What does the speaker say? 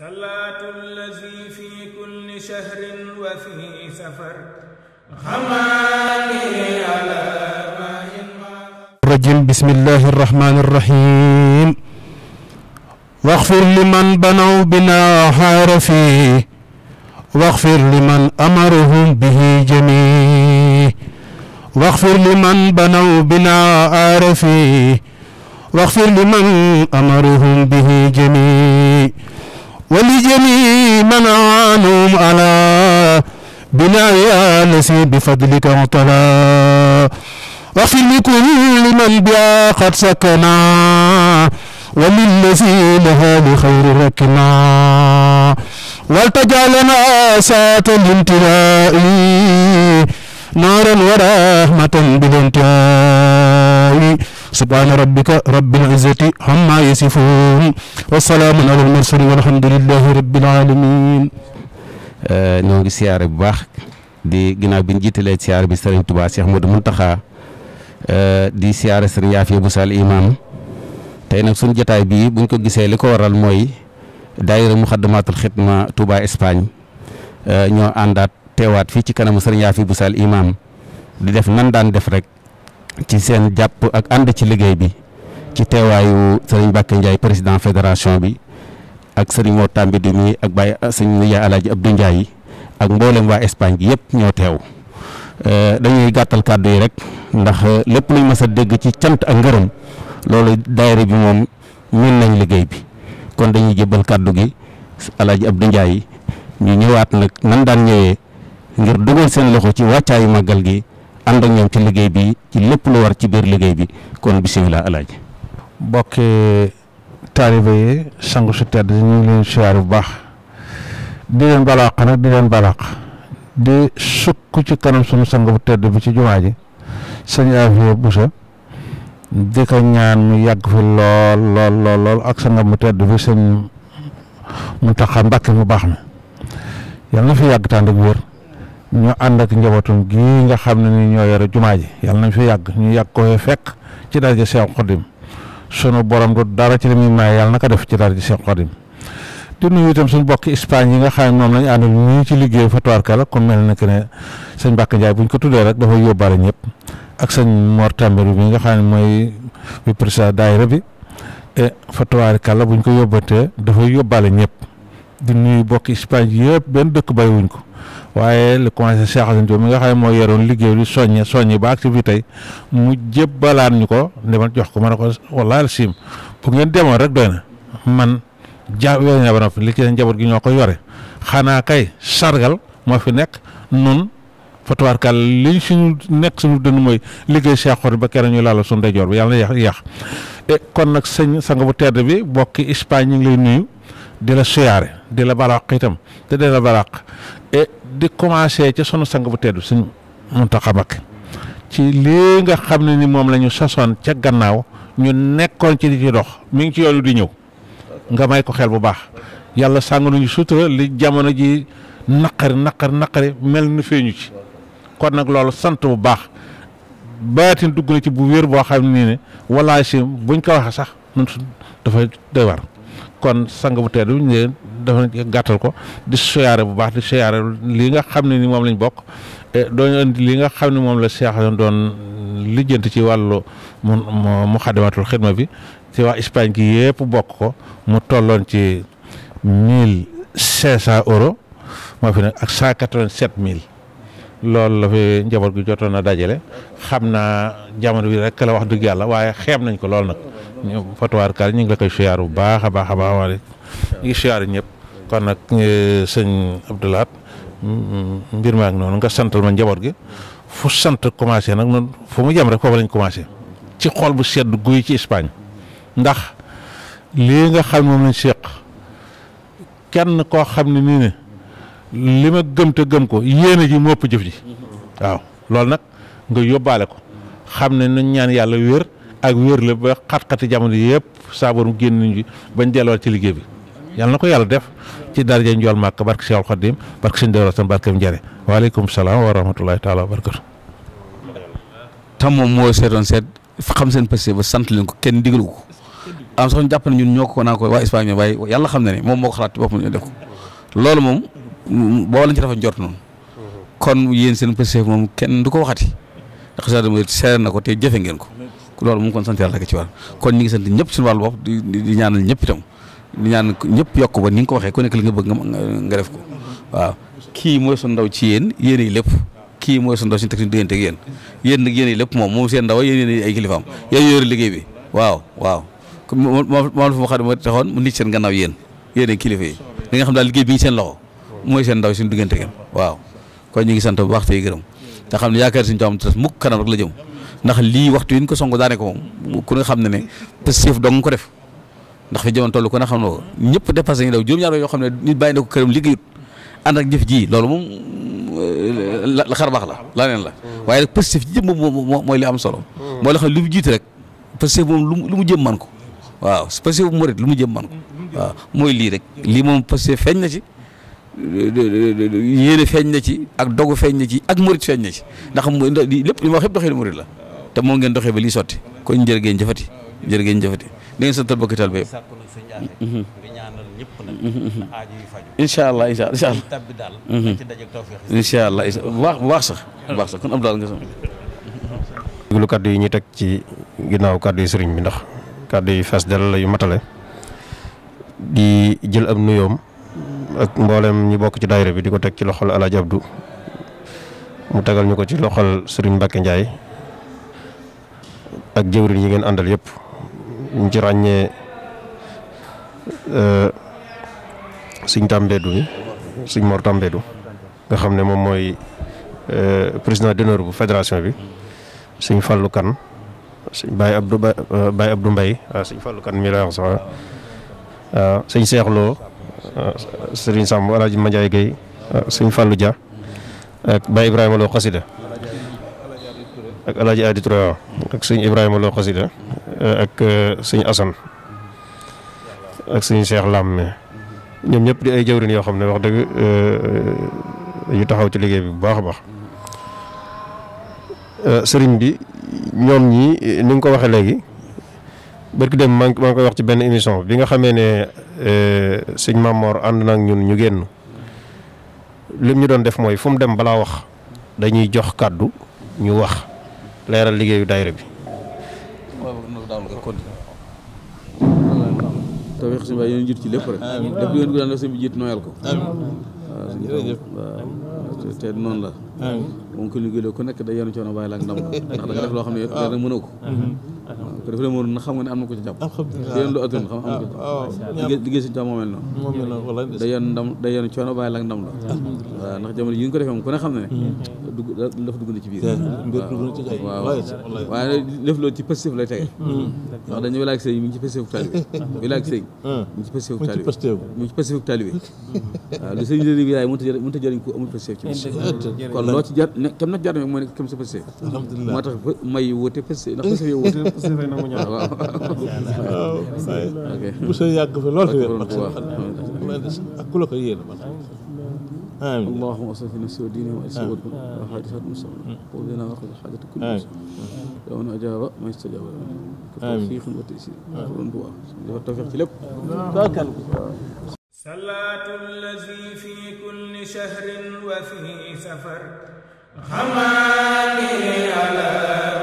salaatu allazi fi kulli shahrin wa fi safar xamaani ala rajim bismillahi rahmaani rahim واغفر لمن بنوا بنا حارفي واغفر لمن أمرهم به جميع واغفر لمن بنوا بنا عارفي واغفر لمن أمرهم به جميع ولجميع من عانهم على بناء الذي بفضلك انطلى وفي لكل من بها قد سكنا وللذي لها لخير ركنا ولتجعلنا ساعة الامتلاء نارا ورحمة بالانتهاء subhaana rabbika rabbil izzati amma yasifuun wa salaamun alal mursaliin walhamdulillaahi rabbil aalamiin ñoo ngi siyaare bu baax di ginnaaw bi ñu jiitalee siyaare bi sëriñ Touba Cheikh Modou Mountakha euh, di siyaare sëriñ Yaafiya bu Sall Imaam tey nag suñu jotaay bii buñ ko gisee li ko waral mooy daayira Muxaddamaatul Xidma Touba Espagne euh, ñoo àndaat teewaat fii ci kanam sëriñ Yaafiya bu Sall Imaam di def nan daan def rek. ci seen jàpp ak ànd ci liggéey bi ci teewaayu sëriñ Bakke Ndiaye président fédération bi ak sëriñ Mor Tambi du mi ak Baye sëriñ Ndiaye Alaaji Abdou yi ak mboolem waa Espagne gi yëpp ñoo teew euh, dañuy gàttal kàddu yi rek ndax euh, lépp luñ mës a dégg ci cant ak ngërëm loolu daayira bi moom mën nañ liggéey bi kon dañuy jëbbal kàddu gi Alaaji Abdou yi ñu ñëwaat nag nan daan ñëwee ngir dugal seen loxo ci wàccaayu màggal gi ànd ak ñoom ci liggéey bi ci lépp lu war ci biir liggéey bi kon bisimilah alaaji bokki taaliba yi sangu su tedd ñu leen siyaar bu baax di leen balaax nag di leen balaax di sukk ci kanam sunu sang bu tedd bi ci jumaa ji sëñ Afia Busa di ko ñaan mu yàgg fi lool lool lool ak sangam bu tedd bi sëñ Muntaxa Mbàkke mu baax mi yàlla na fi yàgg tànd ak wér ñoo ànd ak njabootum gii nga xam ne ni ñoo yore jumaa ji yàlla nañ fi yàgg ñu yàgg ko fekk ci daraja Seex Xaadim sunu borom du dara ci la muy maye yàlla na ko def ci daraja Seex Xaadim di nuyu itam suñu bokki Espagne yi nga xam ne moom lañu àndal ñii ci liggéey fa tubaarkalla kon mel na que ne sëñ Mbàkke Njaay buñ ko tuddee rek dafa yóbbaale ñëpp ak sëñ Mor Tambédou bi nga xam ne mooy bi président daayira bi e fa buñ ko yóbbatee dafa yóbbaale ñëpp di nuyu bokki Espagne yëpp benn dëkk bàyyiwuñ ko waaye le conseil Cheikh Assane Diop mi nga xam ne moo yoroon liggéey bi soññe soññe ba activité mu jébbalaan ñu ko demal jox ko ma ne ko walaal siim pour ngeen demoon rek doy na man ja yooyu ba noppi li ci gi ñoo ko yore xanaa kay sargal moo fi nekk nun fatuwaarkal liñ suñu nekk suñu dënn mooy liggéey Cheikh ba keroog ñu laal suñu ndeyjoor bi yàlla na yàq yàq eh, kon nag sëñ sang bu tedd bi bokki Espagne ñu ngi lay nuyu di la suyaare di la baraq itam te di la baraq e di commencé ca sunu sang bu teddu suñ Muntaxa Mbakke ci lii nga xam ne ni moom la ñu sasoon ca gannaaw ñu nekkoon ci di ci dox mi ngi ci yoonu di ñëw nga may ko xel bu baax yàlla sàng nañu sutura li jamono ji naqari naqari naqari mel na feeñu ci kon nag loolu sant bu baax baatin dugg na ci bu wér boo xam ne nii ne walaay si buñ ko waxee sax nun dafa doy war kon sang bu tedd bi ñu leen dafa gàttal ko di siyaare bu baax di siyaare lii nga xam ne ni moom lañ bokk eh, dooñu indi lii nga xam ne moom la seexal doon lijjanti ci wàllu mu mu xadamatul xidma bi ci waa Espagne gi yëpp bokk ko mu tolloon ci mille cinq cent euros moo fi nag ak cent quatre vingt mille loolu la fi njaboot gi jotoon a dajale xam naa jamono bi rek la wax dëgg yàlla waaye xeeb nañ ko lool nag ñu fatuwaar kaal ñu ngi la koy siyaar bu baax a baax a baax waale ñu ngi siyaar ñëpp kon nag eh, sëñ Abdoulaat mm, mbir maa noonu nga santal ma njaboot gi fu sant commencé nag noonu fu mu jëm rek foofu lañ commencé ci xol bu sedd guy ci Espagne ndax lii nga xam ne moom lañ kenn koo xam ne nii ne li ma gëm te gëm ko yéene ji moo ëpp jëf ji mm-hmm. waaw loolu nag nga yóbbaale ko xam ne nu ñaan yàlla wér ak wér la ba xat-xati jamono yëpp saabarum génn ñu bañ delluwaat ci liggéey bi yàlla na ko yàlla def ci daraja njool màkk barke Seexul Xadiim barke sëñ Dawra tan barke Njare waaleykum salaam wa rahmatullahi taala wa barakatu tam moom moo seetoon seet xam seen passé ba sant leen ko kenn digal ko am sax jàpp ne ñun ñoo ko naa ko waa Espagne waaye yàlla xam na ne moom moo ko xalaat boppam ñu def ko loolu moom boo lañ ci dafa njort noonu kon yéen seen passé moom kenn du ko waxati ndax sax dama seer na ko te jëfe ngeen ko loolu moom kon sant yàlla rek ci war kon ñi ngi sant ñëpp suñu wàllu bopp di di ñaanal ñëpp itam di ñaan ñëpp yokk ba ni nga ko waxee ku nekk li nga bëgg nga def ko waaw kii mooy suñu ndaw ci yéen yéen yi lépp kii mooy suñu ndaw suñu technique diggante ak yéen yéen nag yéen yi moom moom seen ndaw yéen ay kilifaam yéen liggéey bi waaw waaw moom la fa ma xam ne moo taxoon mu nit seen gannaaw yéen yéen ay kilifa yi li nga xam daal liggéey bi seen loxo mooy seen ndaw suñu diggante ak yéen kon ñu ngi sant bu baax tey gërëm te xam ne yaakaar suñu taam tas mukk kanam rek la jëm ndax lii waxtu yi ñu ko songo daane ko moom ku xam ne ne Pastef dong ko def ndax fi jamono toll ko na xam ne ko ñëpp dépassé ñu daw juróom yoo xam ne nit bàyyi na ko këram liggéeyut ànd ak jëf ji loolu moom euh, la xar baax la la la waaye nag Pastef jëm moom mooy li am solo mooy la xam ne lu mu jiite rek Pastef lu mu jëm man ko waaw Pastef bu murit lu mu jëm man waaw mooy lii rek lii moom Pastef feeñ na ci yéene feeñ na ci ak dogu feeñ na ci ak murit feeñ na ci ndax lépp li ma wax yëpp doxee murit la te moo ngeen doxee ba lii sotti kon jërë ngeen jëfati jërë ngeen jëfati da ngeen santal bokki taalibe yëpp mhm. mhm, mhm, incha allah incha allah incha allah bu baax bu baax sax bu baax sax kon am daal nga sax déglu kàddu yi ñu teg ci ginnaaw kàddu yi sëriñ bi ndax kàddu yi fees dell yu matale di jël am nuyoom ak mboolem ñi bokk ci daayira bi di ko teg ci loxol Alaaji Abdu mu tegal ñu ko ci loxol sëriñ Mbàkke Njaay ak jëwrin yi ngeen àndal yëpp ñu ci ràññee euh, sëñ Tambédou yi sëñ nga xam ne moom mooy euh, président d'honneur bu fédération bi sëñ Fallou Kane sëñ Baye Abdou euh, Baye Abdou Mbaye waaw ah, sëñ Fallou Kane mii lay wax sax waaw ah, sëñ Cheikh Lo ah, sëriñ Samb Alaaji Mandiaye Gueye sëñ ak Baye Ibrahima Xasida ak El Hadj Adi Troya ak sëñ Ibrahima Lo Xasida ak eh, sëñ Assane ak sëñ Cheikh Lamme ñoom ñëpp di ay jawrin yoo xam ne wax dëgg eh, yu taxaw ci liggéey bi bu baax a baax eh, sëriñ bi ñoom ñii ni nga ko waxee léegi barki dem maa ngi koy wax ci benn émission bi nga xamee ne suñ Mamor ànd na ak ñun ñu génn lim ñu doon def mooy fu mu dem balaa wax dañuy jox kàddu ñu wax leeral liggéeyu daayira bi. tawfeex si mbay jiit ci lépp rek lépp ngeen ko daan def sëñ bi jiit nooyal ko te noonu la moom ko liggéey ku nekk day yenu coono bàyyi la ak ndam ndax da def loo xam ne leer na mënoo ko ko def remoon na xam nga ne am na ko ci jàpp alhamdulilah yéen lu ëttoon xam ah, nga am na ko ci diggee si moo mel noonu da yenn ndam da yenn coono bàyyi la ndam la waaw ndax jamono yi nga ko defee moom ku ne xam ne mm-hmm. dugg lëf dugg na ci biir waaw waaye lëf loolu ci positif lay tege mm-hmm. ndax dañu wilaag sëy mi ngi ci positif taalibe mm-hmm. wilaag sëy mi ngi ci positif taalibe mi ngi ci positif taalibe waaw lu sëñ léegi yaay mënut a jëriñ ko amul positif ci kon loo ci jar ne kam nag jar ne mooy ne kam sa positif moo tax may wute positif ndax positif yow wute séeréer nag mu ñor. waaw bu sa yàgg fa lool fi wér mag sa ak ku la ko yéene man آمين اللهم صل على سيدنا وأسود وحادثة المسلم وقضينا وقضي حاجة كل مسلم لو أنا أجاب ما يستجاب توفيق وتيسير والدعاء والتوفيق في لب صلاة الذي في كل شهر وفي سفر حماني على